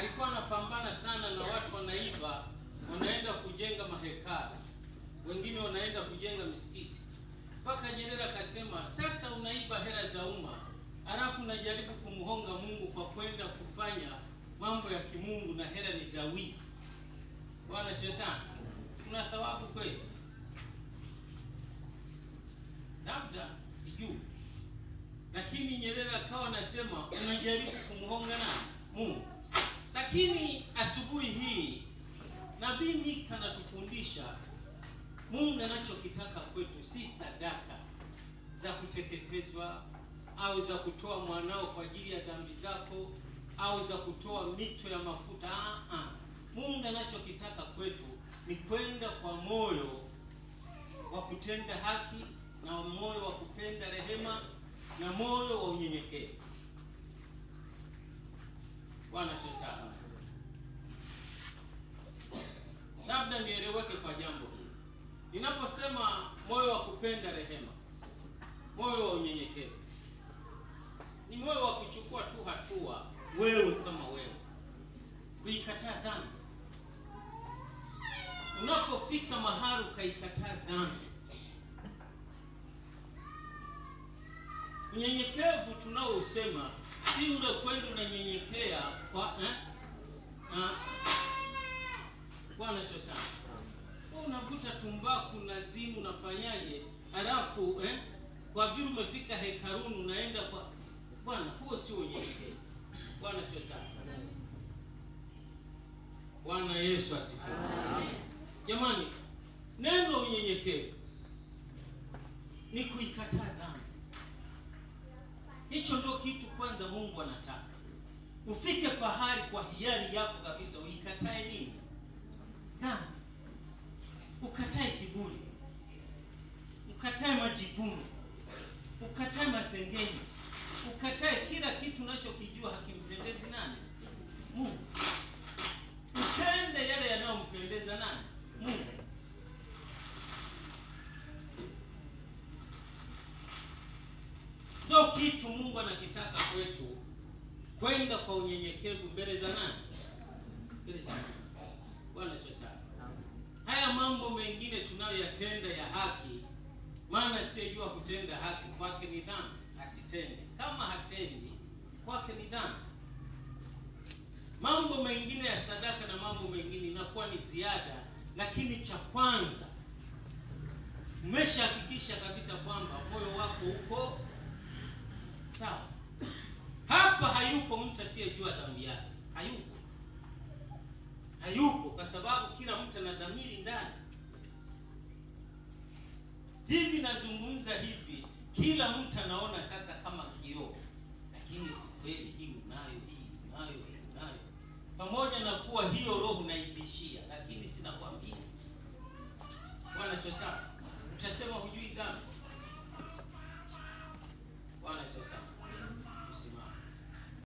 alikuwa anapambana sana na watu wanaiba, wanaenda kujenga mahekalu, wengine wanaenda kujenga misikiti, mpaka Nyerere akasema, sasa unaiba hela za umma alafu unajaribu kumhonga Mungu kwa kwenda kufanya mambo ya kimungu na hela ni za wizi. Bwana sio sana, kuna thawabu kweli? Labda sijui, lakini Nyerere akawa anasema unajaribu kumhonga na Mungu lakini asubuhi hii Nabii Mika anatufundisha Mungu anachokitaka kwetu si sadaka za kuteketezwa au za kutoa mwanao kwa ajili ya dhambi zako au za kutoa mito ya mafuta. Ah, Mungu anachokitaka kwetu ni kwenda kwa moyo wa kutenda haki na moyo wa kupenda rehema na moyo wa unyenyekevu. Bwana sio sana Ninaposema moyo wa kupenda rehema, moyo wa unyenyekevu, ni moyo wa kuchukua tu hatua wewe kama wewe, kuikataa dhambi. Unapofika mahali ukaikataa dhambi, unyenyekevu tunaousema si ule kwenda unanyenyekea kwa eh? Ah? Bwana sio sana unakuta tumbaku na ndimu unafanyaje? Halafu eh, kwa vile umefika hekaruni unaenda kwa Bwana, huo sio unyenyekevu. Bwana sio sana. Bwana Yesu asifiwe. Jamani, neno unyenyekevu ni kuikataa dhambi. Hicho ndio kitu kwanza Mungu anataka ufike pahali kwa hiari yako kabisa uikatae nini dhambi mgumu, ukatae masengenyo, ukatae kila kitu unachokijua hakimpendezi nani? Mungu. Utende yale yanayompendeza nani? Mungu. Ndio kitu Mungu anakitaka kwetu, kwenda kwa unyenyekevu mbele za nani? Mbele za Bwana. Haya mambo mengine tunayoyatenda ya haki maana asiyejua kutenda haki kwake ni dhambi, asitende. Kama hatendi kwake ni dhambi. Mambo mengine ya sadaka na mambo mengine inakuwa ni ziada, lakini cha kwanza umeshahakikisha kabisa kwamba moyo wako uko sawa. Hapa hayupo mtu asiyejua dhambi yake, hayupo, hayupo, kwa sababu kila mtu ana dhamiri ndani Hivi nazungumza hivi, kila mtu anaona sasa kama kioo, lakini si kweli. Hii unayo, hii unayo, hii unayo, pamoja na kuwa hiyo roho unaibishia, lakini sinakwambia Bwana sasa utasema